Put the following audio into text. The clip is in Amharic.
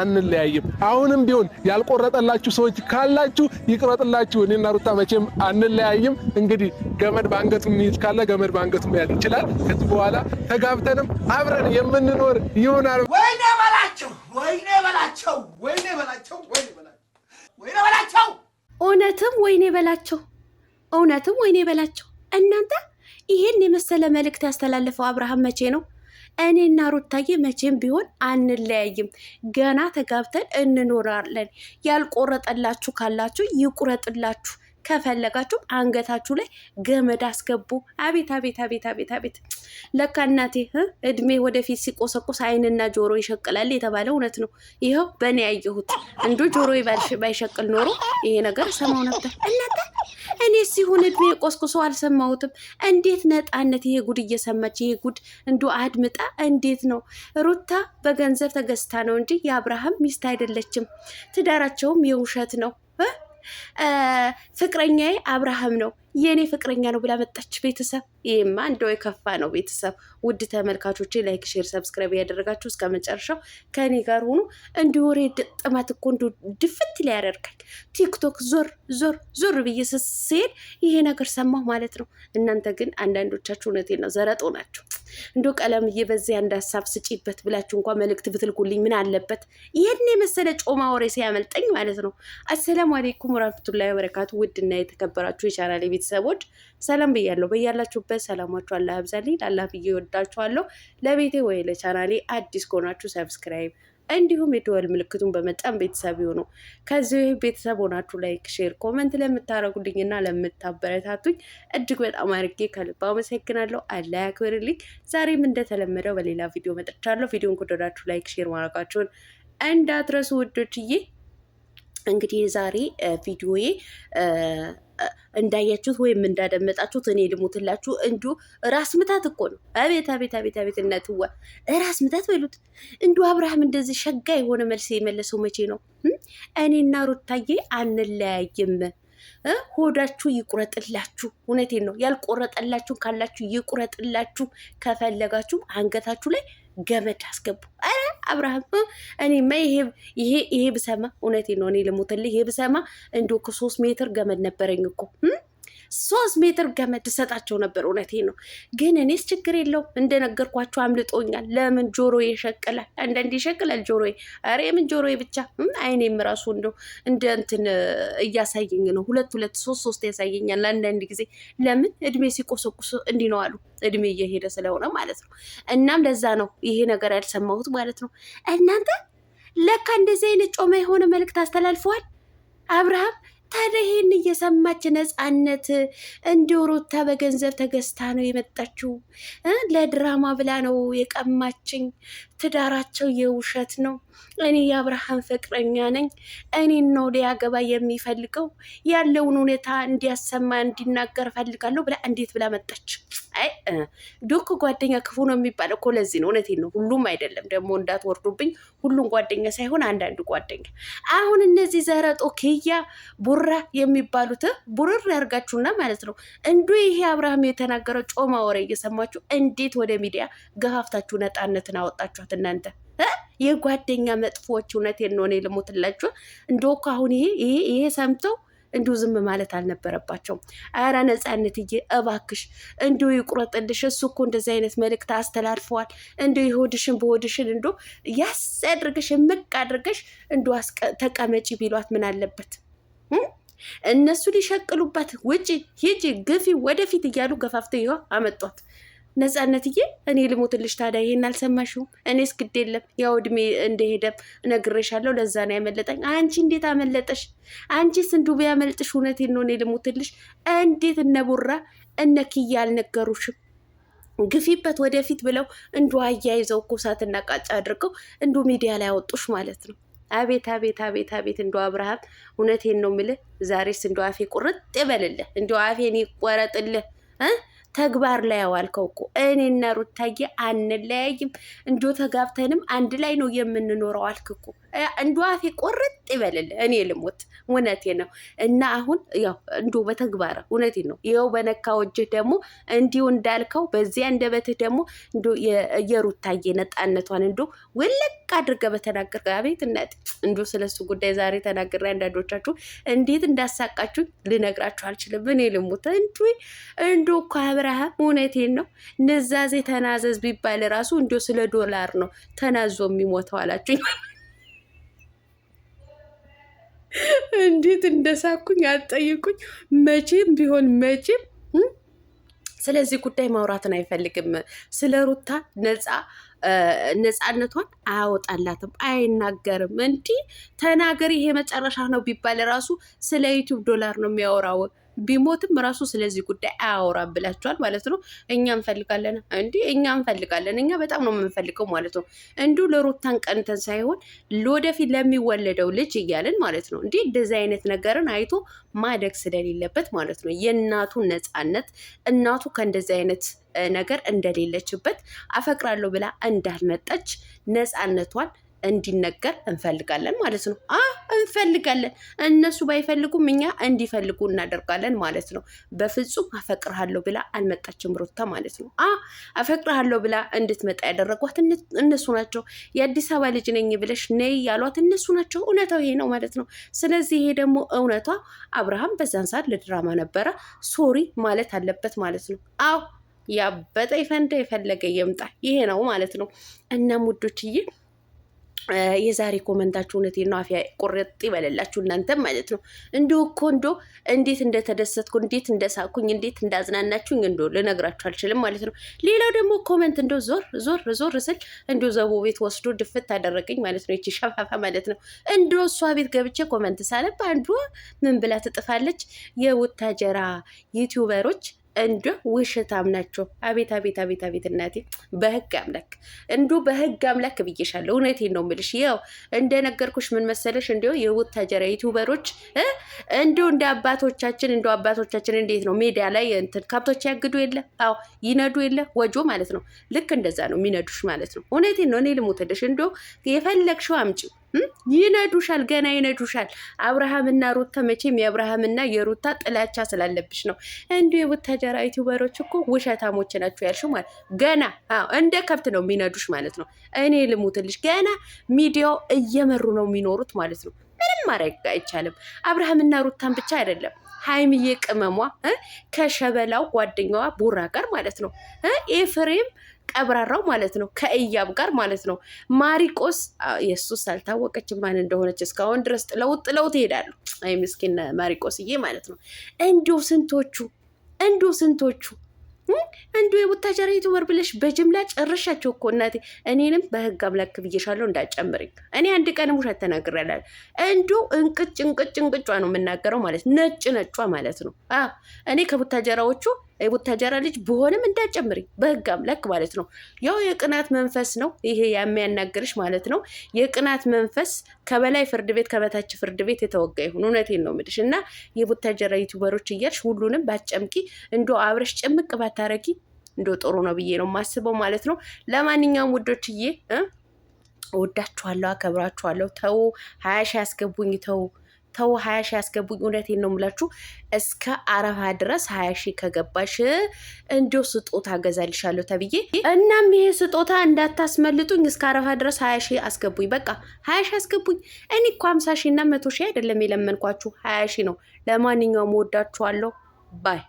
አንለያይም። አሁንም ቢሆን ያልቆረጠላችሁ ሰዎች ካላችሁ ይቅረጥላችሁ። እኔና ሩታ መቼም አንለያይም። እንግዲህ ገመድ በአንገቱ የሚይዝ ካለ ገመድ በአንገቱ መያዝ ይችላል። ከዚህ በኋላ ተጋብተንም አብረን የምንኖር ይሆናል። ወይኔ በላቸው፣ ወይኔ በላቸው፣ ወይኔ በላቸው፣ ወይኔ በላቸው። እውነትም ወይኔ በላቸው፣ እውነትም ወይኔ በላቸው። እናንተ ይሄን የመሰለ መልእክት ያስተላለፈው አብርሃም መቼ ነው? እኔና ሩታዬ መቼም ቢሆን አንለያይም፣ ገና ተጋብተን እንኖራለን። ያልቆረጠላችሁ ካላችሁ ይቁረጥላችሁ። ከፈለጋችሁ አንገታችሁ ላይ ገመድ አስገቡ። አቤት አቤት አቤት አቤት አቤት! ለካ እናቴ እድሜ ወደፊት ሲቆሰቁስ አይንና ጆሮ ይሸቅላል የተባለ እውነት ነው። ይኸው በእኔ ያየሁት። እንዱ ጆሮ ባይሸቅል ኖሮ ይሄ ነገር ሰማው ነበር እናንተ እኔ ሲሆን እድሜ ቆስቁሶ አልሰማሁትም። እንዴት ነጣነት ይሄ ጉድ እየሰማች ይሄ ጉድ እንዱ አድምጣ። እንዴት ነው ሩታ በገንዘብ ተገዝታ ነው እንጂ የአብርሃም ሚስት አይደለችም። ትዳራቸውም የውሸት ነው። ፍቅረኛዬ አብርሃም ነው የእኔ ፍቅረኛ ነው ብላ መጣች። ቤተሰብ ይህማ እንደው የከፋ ነው። ቤተሰብ ውድ ተመልካቾቼ ላይክ፣ ሼር፣ ሰብስክራይብ ያደረጋችሁ እስከ መጨረሻው ከእኔ ጋር ሆኑ። እንዲ ወሬ ጥማት እኮ እንዲሁ ድፍት ላይ ያደርጋል። ቲክቶክ ዞር ዞር ዞር ብዬ ስሄድ ይሄ ነገር ሰማሁ ማለት ነው። እናንተ ግን አንዳንዶቻችሁ እውነቴን ነው ዘረጦ ናቸው። እንዶ ቀለም እየበዛ አንድ ሀሳብ ስጪበት ብላችሁ እንኳን መልእክት ብትልኩልኝ ምን አለበት? ይህን የመሰለ ጮማ ወሬ ሲያመልጠኝ ማለት ነው። አሰላሙ አሌይኩም ወራህመቱላሂ ወበረካቱ። ውድና የተከበራችሁ የቻናሌ ቤተሰቦች ሰላም ብያለሁ። በያላችሁበት ሰላማችሁ አላህ ያብዛልኝ። ላላህ ብዬ ወዳችኋለሁ። ለቤቴ ወይ ለቻናሌ አዲስ ከሆናችሁ ሰብስክራይብ እንዲሁም የደወል ምልክቱን በመጫን ቤተሰብ ይሁኑ። ከዚህ ቤተሰብ ሆናችሁ ላይክ፣ ሼር፣ ኮመንት ለምታደረጉልኝ እና ለምታበረታቱኝ እጅግ በጣም አድርጌ ከልብ አመሰግናለሁ። አላ ያክብርልኝ። ዛሬም እንደተለመደው በሌላ ቪዲዮ መጥቻለሁ። ቪዲዮን ከወደዳችሁ ላይክ፣ ሼር ማድረጋችሁን እንዳትረሱ ውዶችዬ። እንግዲህ ዛሬ ቪዲዮዬ እንዳያችሁት ወይም እንዳደመጣችሁት እኔ ልሙትላችሁ። እንዱ ራስ ምታት እኮ ነው። አቤት አቤት አቤት አቤት እናትዋ ራስ ምታት በሉት። እንዱ አብርሃም እንደዚህ ሸጋ የሆነ መልስ የመለሰው መቼ ነው? እኔና ሩታዬ አንለያይም፣ ሆዳችሁ ይቁረጥላችሁ። እውነቴን ነው። ያልቆረጠላችሁ ካላችሁ ይቁረጥላችሁ። ከፈለጋችሁም አንገታችሁ ላይ ገመድ አስገቡ። አረ አብርሃም እኔማ ይሄ ይሄ ብሰማ እውነቴ ነው። እኔ ልሙትልህ። ይሄ ብሰማ እንዲ ከሶስት ሜትር ገመድ ነበረኝ እኮ ሶስት ሜትር ገመድ ሰጣቸው ነበር። እውነቴ ነው። ግን እኔስ ችግር የለውም እንደነገርኳቸው አምልጦኛል። ለምን ጆሮ ይሸቅላል፣ አንዳንዴ ይሸቅላል ጆሮ። ኧረ የምን ጆሮ ብቻ አይኔም ራሱ እንደው እንደ እንትን እያሳየኝ ነው። ሁለት ሁለት ሶስት ሶስት ያሳየኛል አንዳንድ ጊዜ። ለምን እድሜ ሲቆሰቁስ እንዲህ ነው አሉ። እድሜ እየሄደ ስለሆነ ማለት ነው። እናም ለዛ ነው ይሄ ነገር ያልሰማሁት ማለት ነው። እናንተ ለካ እንደዚህ አይነት ጮማ የሆነ መልእክት አስተላልፈዋል አብርሃም ታዲያ ይህን እየሰማች ነፃነት እንዲሁ ሩታ በገንዘብ ተገዝታ ነው የመጣችው ለድራማ ብላ ነው የቀማችኝ ትዳራቸው የውሸት ነው። እኔ የአብርሃም ፍቅረኛ ነኝ። እኔን ነው ሊያገባ የሚፈልገው ያለውን ሁኔታ እንዲያሰማ እንዲናገር ፈልጋለሁ ብላ እንዴት ብላ መጣች? ዱክ ጓደኛ ክፉ ነው የሚባለው እኮ ለዚህ ነው። እውነቴን ነው። ሁሉም አይደለም ደግሞ እንዳትወርዱብኝ። ሁሉም ጓደኛ ሳይሆን አንዳንድ ጓደኛ። አሁን እነዚህ ዘረጦ ክያ ቡራ የሚባሉት ቡርር ያርጋችሁና ማለት ነው እንዱ ይሄ አብርሃም የተናገረው ጮማ ወሬ እየሰማችሁ እንዴት ወደ ሚዲያ ገፋፍታችሁ ነጣነትን አወጣችኋል? የምታወሩት እናንተ የጓደኛ መጥፎዎች? እውነቴን ነው እኔ ልሞትላችሁ። እንደው እኮ አሁን ይሄ ይሄ ይሄ ሰምተው እንዲሁ ዝም ማለት አልነበረባቸውም። አረ ነፃነትዬ እባክሽ እንዲሁ ይቁረጥልሽ። እሱ እኮ እንደዚህ አይነት መልእክት አስተላልፈዋል። እንዲሁ የሆድሽን በሆድሽን እንዲ ያስ አድርገሽ የምቅ አድርገሽ እንዲ ተቀመጪ ቢሏት ምን አለበት? እነሱ ሊሸቅሉባት ውጪ ሂጂ ግፊ ወደፊት እያሉ ገፋፍተ ይኸው አመጧት። ነፃነትዬ እኔ ልሞትልሽ ታዲያ ይሄን አልሰማሽውም? እኔስ ግድ የለም ያው እድሜ እንደሄደም እነግርሻለሁ። ለዛ ነው ያመለጠኝ። አንቺ እንዴት አመለጠሽ? አንቺስ እንዱ ቢያመልጥሽ እውነቴን ነው እኔ ልሞትልሽ። እንዴት እነቦራ እነክያ አልነገሩሽም? ግፊበት ወደፊት ብለው እንዱ አያይዘው እኮ እሳትና ቃጫ አድርገው እንዱ ሚዲያ ላይ አወጡሽ ማለት ነው። አቤት አቤት አቤት አቤት እንዶ አብርሃም እውነቴን ነው ምልህ። ዛሬስ እንዶ አፌ ቁርጥ ይበልልህ፣ እንዶ አፌን ይቆረጥልህ። ተግባር ላይ ያዋልከው እኮ እኔና ሩታዬ አንለያይም፣ እንዶ ተጋብተንም አንድ ላይ ነው የምንኖረው አልክ እኮ እንዱ አፌ ቆረጥ ይበልል። እኔ ልሞት እውነቴ ነው። እና አሁን ያው እንዱ በተግባር እውነቴ ነው። ይኸው በነካው እጅህ ደግሞ እንዲሁ እንዳልከው በዚያ እንደበትህ ደግሞ እንዶ የሩታዬ ነጣነቷን እንዱ ውልቅ አድርገ በተናገር አቤት እናቴ እንዱ ስለሱ ጉዳይ ዛሬ ተናግሬ አንዳንዶቻችሁ እንዴት እንዳሳቃችሁ ልነግራችሁ አልችልም። እኔ ልሙት እንዱ እንዱ እኮ አብርሃም እውነቴን ነው ንዛዜ ተናዘዝ ቢባል ራሱ እንዲ ስለ ዶላር ነው ተናዞ የሚሞተው አላችሁኝ። እንዴት እንደሳኩኝ አትጠይቁኝ። መቼም ቢሆን መቼም ስለዚህ ጉዳይ ማውራትን አይፈልግም። ስለ ሩታ ነፃ ነፃነቷን አያወጣላትም፣ አይናገርም። እንዲህ ተናገር ይሄ መጨረሻ ነው ቢባል ራሱ ስለ ዩቲዩብ ዶላር ነው የሚያወራው። ቢሞትም ራሱ ስለዚህ ጉዳይ አያወራም ብላችኋል ማለት ነው። እኛ እንፈልጋለን እንዲ እኛ እንፈልጋለን እኛ በጣም ነው የምንፈልገው ማለት ነው። እንዲሁ ለሩታን ቀንተን ሳይሆን ለወደፊት ለሚወለደው ልጅ እያለን ማለት ነው። እንዲ እንደዚህ አይነት ነገርን አይቶ ማደግ ስለሌለበት ማለት ነው። የእናቱ ነፃነት እናቱ ከእንደዚህ አይነት ነገር እንደሌለችበት አፈቅራለሁ ብላ እንዳልመጣች ነፃነቷን እንዲነገር እንፈልጋለን ማለት ነው። አ እንፈልጋለን እነሱ ባይፈልጉም እኛ እንዲፈልጉ እናደርጋለን ማለት ነው። በፍጹም አፈቅርሃለሁ ብላ አልመጣችም ሩታ ማለት ነው። አ አፈቅርሃለሁ ብላ እንድትመጣ ያደረጓት እነሱ ናቸው። የአዲስ አበባ ልጅ ነኝ ብለሽ ነይ ያሏት እነሱ ናቸው። እውነታው ይሄ ነው ማለት ነው። ስለዚህ ይሄ ደግሞ እውነቷ አብርሃም በዛን ሰዓት ለድራማ ነበረ ሶሪ ማለት አለበት ማለት ነው። አዎ ያበጠ ይፈንዳ የፈለገ የምጣ ይሄ ነው ማለት ነው። እና ሙዶችዬ የዛሬ ኮመንታችሁ እውነት ነው። አፍያ ቁርጥ ይበለላችሁ እናንተም ማለት ነው። እንዲሁ እኮ እንዶ እንዴት እንደተደሰትኩ እንዴት እንደሳኩኝ እንዴት እንዳዝናናችሁኝ እንዶ ልነግራችሁ አልችልም ማለት ነው። ሌላው ደግሞ ኮመንት እንዶ ዞር ዞር ዞር ስል እንዶ ዘቦ ቤት ወስዶ ድፍት አደረገኝ ማለት ነው። ይቺ ሸፋፋ ማለት ነው። እንዶ እሷ ቤት ገብቼ ኮመንት ሳነብ አንዷ ምን ብላ ትጥፋለች? የውታጀራ ዩቲዩበሮች እንዶ ውሸታም ናቸው። አቤት አቤት አቤት አቤት እናቴ በህግ አምላክ እንዶ በህግ አምላክ ብዬሻለሁ። እውነቴን ነው የምልሽ። ያው እንደነገርኩሽ ምን መሰለሽ እንዲ የወታጀራ ዩቱበሮች እንዲ እንደ አባቶቻችን እንደ አባቶቻችን እንዴት ነው ሜዳ ላይ እንትን ከብቶች ያግዱ የለ አዎ ይነዱ የለ ወጆ ማለት ነው። ልክ እንደዛ ነው የሚነዱሽ ማለት ነው። እውነቴን ነው። እኔ ልሞትልሽ እንዶ የፈለግሽው አምጪው ይነዱሻል፣ ገና ይነዱሻል። አብርሃምና ሩታ መቼም የአብርሃምና የሩታ ጥላቻ ስላለብሽ ነው። እንዲሁ የቡታጀራ ዩቲዩበሮች እኮ ውሸታሞች ናቸው ያልሽው ማለት ገና እንደ ከብት ነው የሚነዱሽ ማለት ነው። እኔ ልሙትልሽ፣ ገና ሚዲያው እየመሩ ነው የሚኖሩት ማለት ነው። ምንም ማድረግ አይቻልም። አብርሃምና ሩታን ብቻ አይደለም ሀይሚዬ ቅመሟ ከሸበላው ጓደኛዋ ቡራ ጋር ማለት ነው ኤፍሬም ቀብራራው ማለት ነው ከእያብ ጋር ማለት ነው። ማሪቆስ የሱስ አልታወቀች ማን እንደሆነች እስካሁን ድረስ ጥለውት ጥለውት ይሄዳሉ። አይ ምስኪን ማሪቆስዬ ማለት ነው። እንዲሁ ስንቶቹ እንዲሁ ስንቶቹ እንዲሁ የቡታጀራ ዩቱበር ብለሽ በጅምላ ጨርሻቸው እኮ እናቴ። እኔንም በህግ አምላክ ብዬሻለሁ እንዳጨምርኝ። እኔ አንድ ቀን ውሸት ተናግሬ እንዲሁ እንቅጭ እንቅጭ እንቅጯ ነው የምናገረው ማለት ነጭ ነጯ ማለት ነው። እኔ ከቡታጀራዎቹ የቡታጀራ ልጅ ብሆንም እንዳጨምሪ በህግ አምላክ ማለት ነው። ያው የቅናት መንፈስ ነው ይሄ የሚያናገርሽ ማለት ነው። የቅናት መንፈስ ከበላይ ፍርድ ቤት ከበታች ፍርድ ቤት የተወጋ ይሁን። እውነቴን ነው የምልሽ እና የቡታጀራ ዩቱበሮች እያልሽ ሁሉንም ባጨምቂ እንዶ አብረሽ ጭምቅ ባታረጊ እንዶ ጥሩ ነው ብዬ ነው የማስበው ማለት ነው። ለማንኛውም ውዶችዬ ወዳችኋለሁ፣ አከብራችኋለሁ። ተው ሀያ ሺህ ያስገቡኝ ተው። ተው ሀያ ሺ ያስገቡኝ። እውነቴን ነው የምላችሁ እስከ አረፋ ድረስ ሀያ ሺ ከገባሽ እንዲሁ ስጦታ አገዛልሻለሁ ተብዬ። እናም ይሄ ስጦታ እንዳታስመልጡኝ እስከ አረፋ ድረስ ሀያ ሺ አስገቡኝ። በቃ ሀያ ሺ አስገቡኝ። እኔ እኮ ሀምሳ ሺ እና መቶ ሺ አይደለም የለመንኳችሁ ሀያ ሺ ነው። ለማንኛውም ወዳችኋለሁ ባይ